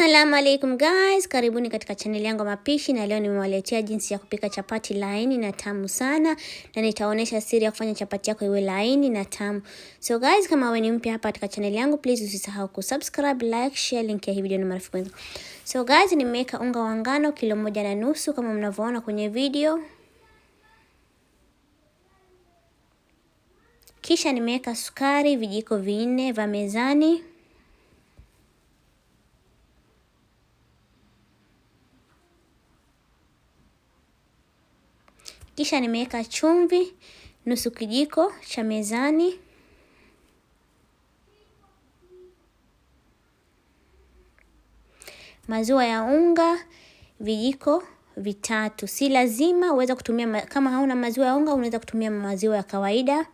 Assalamu alaikum guys, karibuni katika channel yangu mapishi, na leo nimewaletea jinsi ya kupika chapati laini na tamu sana, na nitaonesha siri ya kufanya chapati yako iwe laini na tamu. So guys, kama wewe ni mpya hapa katika channel yangu, please usisahau kusubscribe, like, share link ya hii video na marafiki wenzako. So guys, nimeweka unga wa ngano kilo moja na nusu kama mnavyoona kwenye video, kisha nimeweka sukari vijiko vinne vya mezani Kisha nimeweka chumvi nusu kijiko cha mezani, maziwa ya unga vijiko vitatu. Si lazima uweza kutumia, kama hauna maziwa ya unga unaweza kutumia maziwa ya kawaida.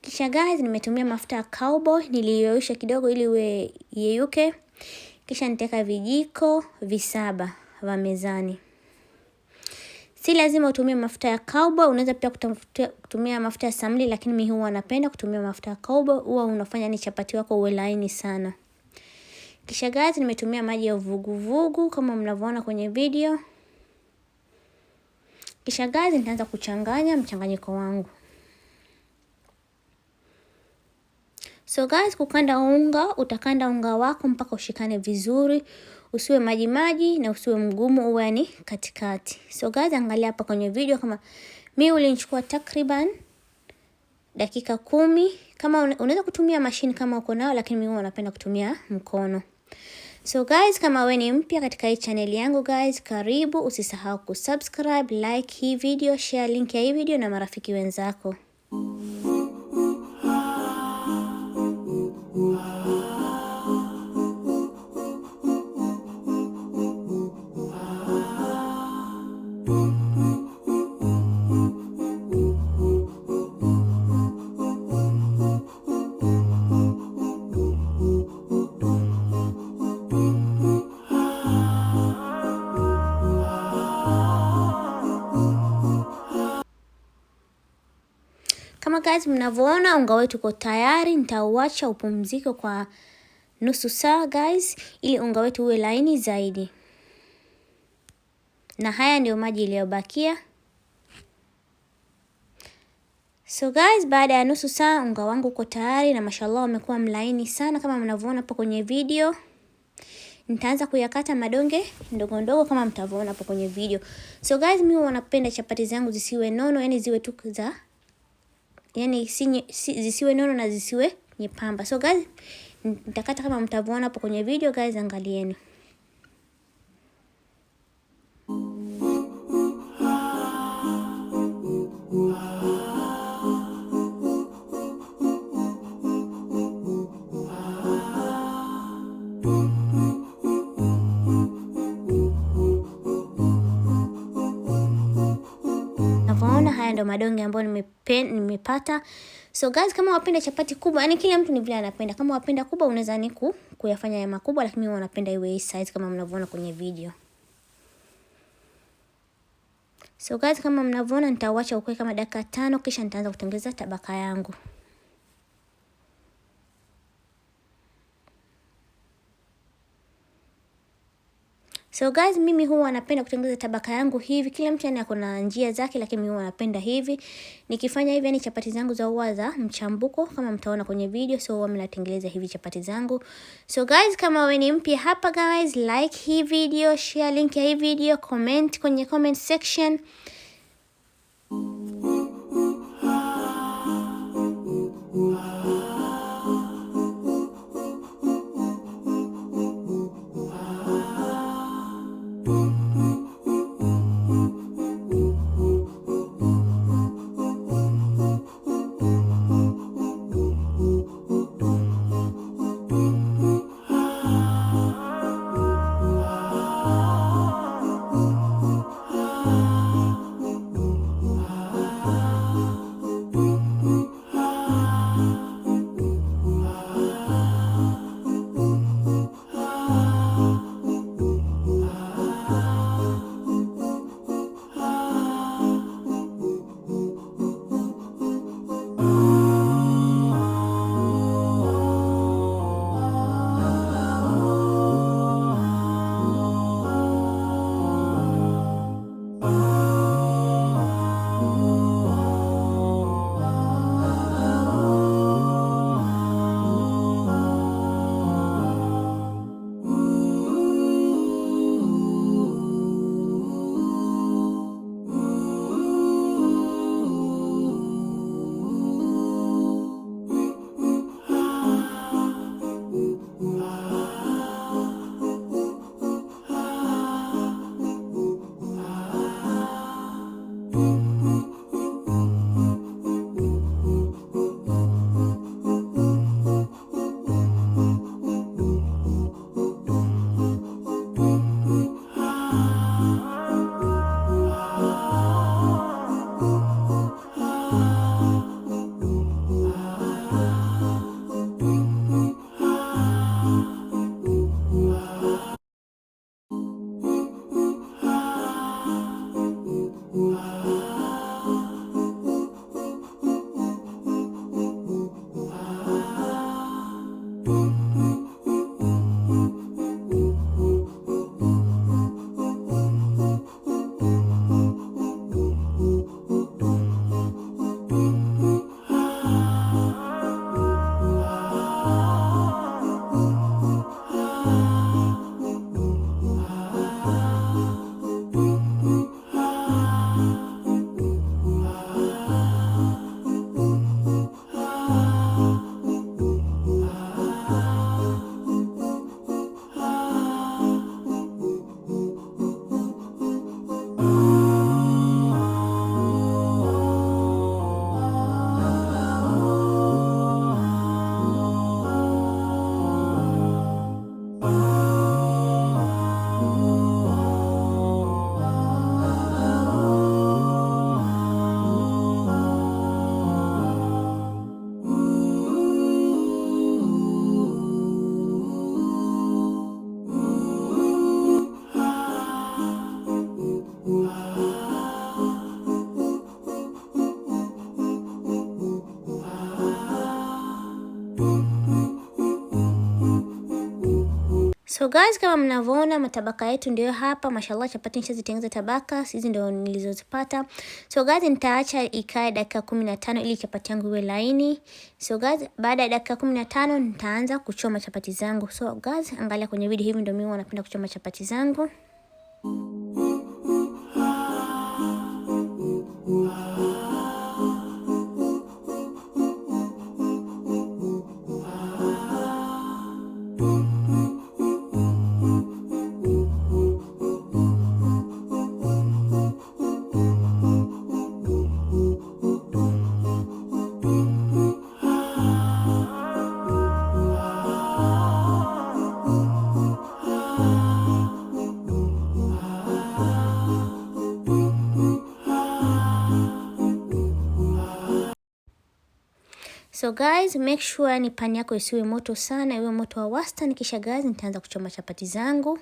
Kisha guys, nimetumia mafuta ya cowboy niliyoisha kidogo ili iwe yeyuke. Kisha nitaweka vijiko visaba vya mezani. Si lazima utumie mafuta ya cowboy, unaweza pia kutumia mafuta ya samli, lakini mimi huwa napenda kutumia mafuta ya cowboy, huwa unafanya ni chapati wako uwe laini sana. Kisha guys, nimetumia maji ya uvuguvugu kama mnavyoona kwenye video. Kisha guys, nitaanza kuchanganya mchanganyiko wangu. So guys, kukanda unga, utakanda unga wako mpaka ushikane vizuri, usiwe maji maji na usiwe mgumu, uwe ni katikati. So guys, angalia hapa kwenye video, kama mi ulinichukua takriban dakika kumi. Kama unaweza kutumia mashini kama uko nayo, lakini mimi napenda kutumia mkono. So guys, kama we ni mpya katika hii channel yangu guys, karibu. Usisahau kusubscribe, like hii video, share link ya hii video na marafiki wenzako. guys, mnavyoona unga wetu uko tayari, nitauacha upumzike kwa nusu saa guys, ili unga wetu uwe laini zaidi. Na haya ndio maji iliyobakia. So guys, baada ya nusu saa unga wangu uko tayari na mashallah umekuwa mlaini sana kama mnavyoona hapo kwenye video. Nitaanza kuyakata madonge ndogo ndogo kama mtavyoona hapo kwenye video. So guys, mimi wanapenda chapati zangu zisiwe nono, yani ziwe tu za yani si, si, zisiwe nono na zisiwe nyepamba. So guys, nitakata kama mtavyoona hapo kwenye video guys, angalieni. ndo madonge ambayo nimepata. So guys, kama wapenda chapati kubwa, yani kila mtu ni vile anapenda. Kama wapenda kubwa, unaweza ni kuyafanya ya makubwa, lakini mimi wanapenda iwe hii size kama mnavyoona kwenye video. So guys, kama mnavyoona nitauacha ukue kama dakika tano, kisha nitaanza kutengeneza tabaka yangu. So guys, mimi huwa napenda kutengeneza tabaka yangu hivi. Kila mtu yani ako na njia zake, lakini mimi huwa napenda hivi. Nikifanya hivi yani chapati zangu za uwaza za mchambuko kama mtaona kwenye video. So huwa natengeneza hivi chapati zangu. So guys, kama wewe ni mpya hapa guys, like hii video, share link ya hii video, comment kwenye comment section. So guys, kama mnavyoona matabaka yetu ndio hapa, mashallah chapati nishazitengeneza tabaka, hizi ndio nilizozipata. So guys, nitaacha ikae dakika tano ili chapati yangu iwe laini. So guys, baada ya dakika tano nitaanza kuchoma chapati zangu. So guys, angalia kwenye video hivi ndio mimi wanapenda kuchoma chapati zangu. So guys, make sure ni pani yako isiwe moto sana, iwe moto wa wastani. Kisha guys, nitaanza kuchoma chapati zangu.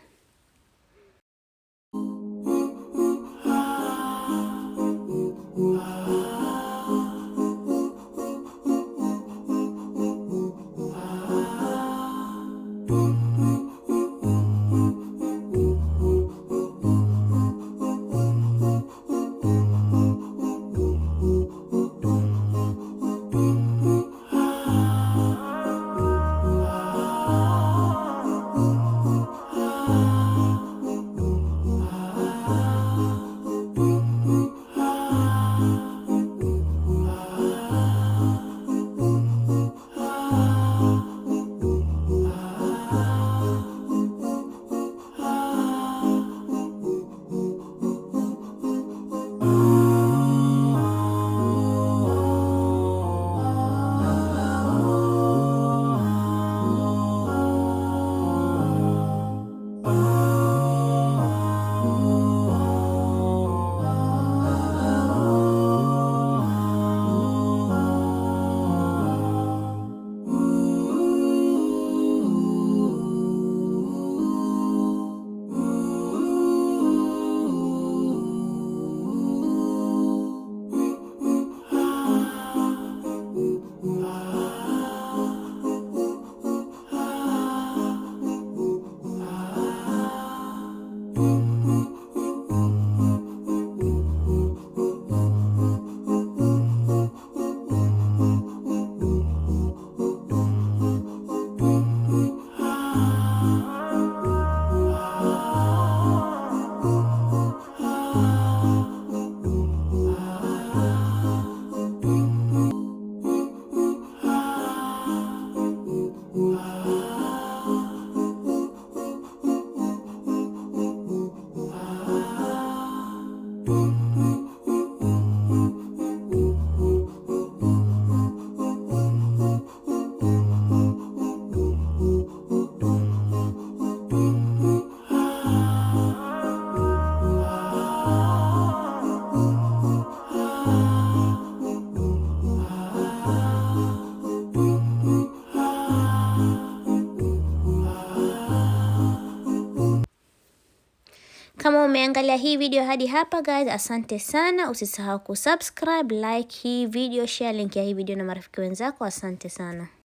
Kama umeangalia hii video hadi hapa guys, asante sana. Usisahau kusubscribe, like hii video, share link ya hii video na marafiki wenzako. Asante sana.